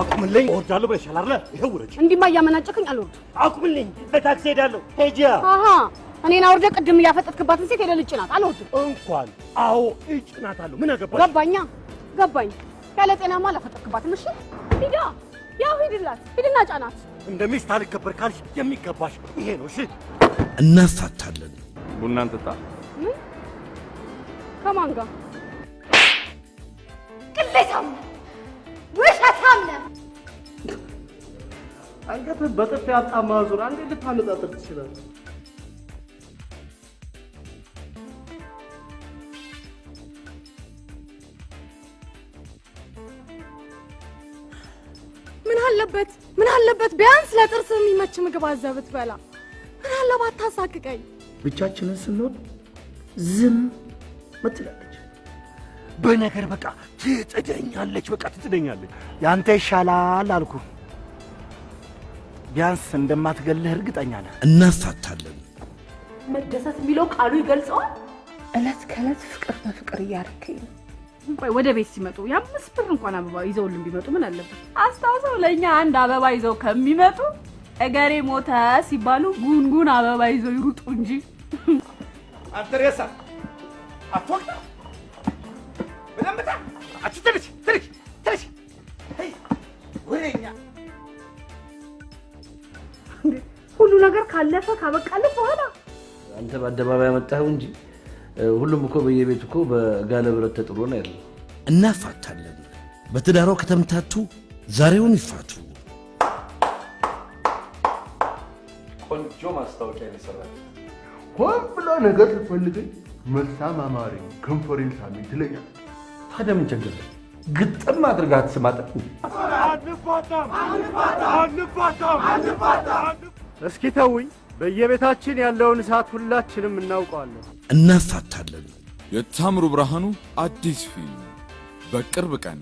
አቁምልኝ። እወርዳለሁ ብለሻል አይደለ? ይኸው ውረጅ። እንዲህማ እያመናጨከኝ አልወርድም። አቁምልኝ። በታክሲ ሄዳለሁ። ሂጂ። አሀ እኔን አውርደህ ቅድም እያፈጠጥክባትን ሴት የሌለ እጭ ናት። አልወርድም። እንኳን አዎ እጭናት ናት አለው። ምን አገባሽ? ገባኛ ገባኝ። ያለ ጤናማ አላፈጠጥክባትም። እሺ ሂዳ፣ ያው ሂድላት፣ ሂድና ጫናት። እንደ ሚስት አልከበር ካልሽ የሚገባሽ ይሄ ነው። እሺ እናፋታለን። ቡና እንጠጣ። ምን ከማን ጋር ቅሌታም አልከታለም። አንገትህ በጥፊ አጣማ ዙር አንዴ ልታነጣጥር ትችላለህ። ምን አለበት ምን አለበት ቢያንስ ለጥርስ የሚመች ምግብ አዘህ ብትበላ። ምን አለባት ታሳቅቀኝ። ብቻችንን ስንሆን ዝም በነገር በቃ ትጥደኛለች፣ በቃ ትጥደኛለች። ያንተ ይሻላል አልኩ። ቢያንስ እንደማትገልህ እርግጠኛ ነህ። እናፋታለን። መደሰት የሚለው ቃሉ ይገልጸዋል። እለት ከእለት ፍቅር በፍቅር እያረከኝ ቆይ ወደ ቤት ሲመጡ የአምስት ብር እንኳን አበባ ይዘውልን ቢመጡ ምን አለበት? አስታውሰው ለእኛ አንድ አበባ ይዘው ከሚመጡ እገሬ ሞተ ሲባሉ ጉንጉን አበባ ይዘው ይሩጡ እንጂ አንተ ሬሳ አትወቅታ ተቀምጣ አንቺ ትንሽ ትንሽ ትንሽ ወሬኛ ሁሉ ነገር ካለፈ ካበቃለፍ በኋላ አንተ በአደባባይ ያመጣኸው እንጂ ሁሉም እኮ በየቤት እኮ በጋለ ብረት ተጥሎ ነው ያለው። እናፋታለን። በትዳሯ ከተምታቱ ዛሬውን ይፋቱ። ቆንጆ ማስታወቂያ ይሰራል። ሆን ብላ ነገር ስትፈልገኝ መልሳም አማረኝ ከንፈሬን ሳሚ ትለኛል። ታዲያ ምን ችግር አለ? ግጥም አድርጋት ስማጠቅ እስኪ ተውኝ። በየቤታችን ያለውን እሳት ሁላችንም እናውቀዋለን፣ እናፋታለን። የታምሩ ብርሃኑ አዲስ ፊልም በቅርብ ቀን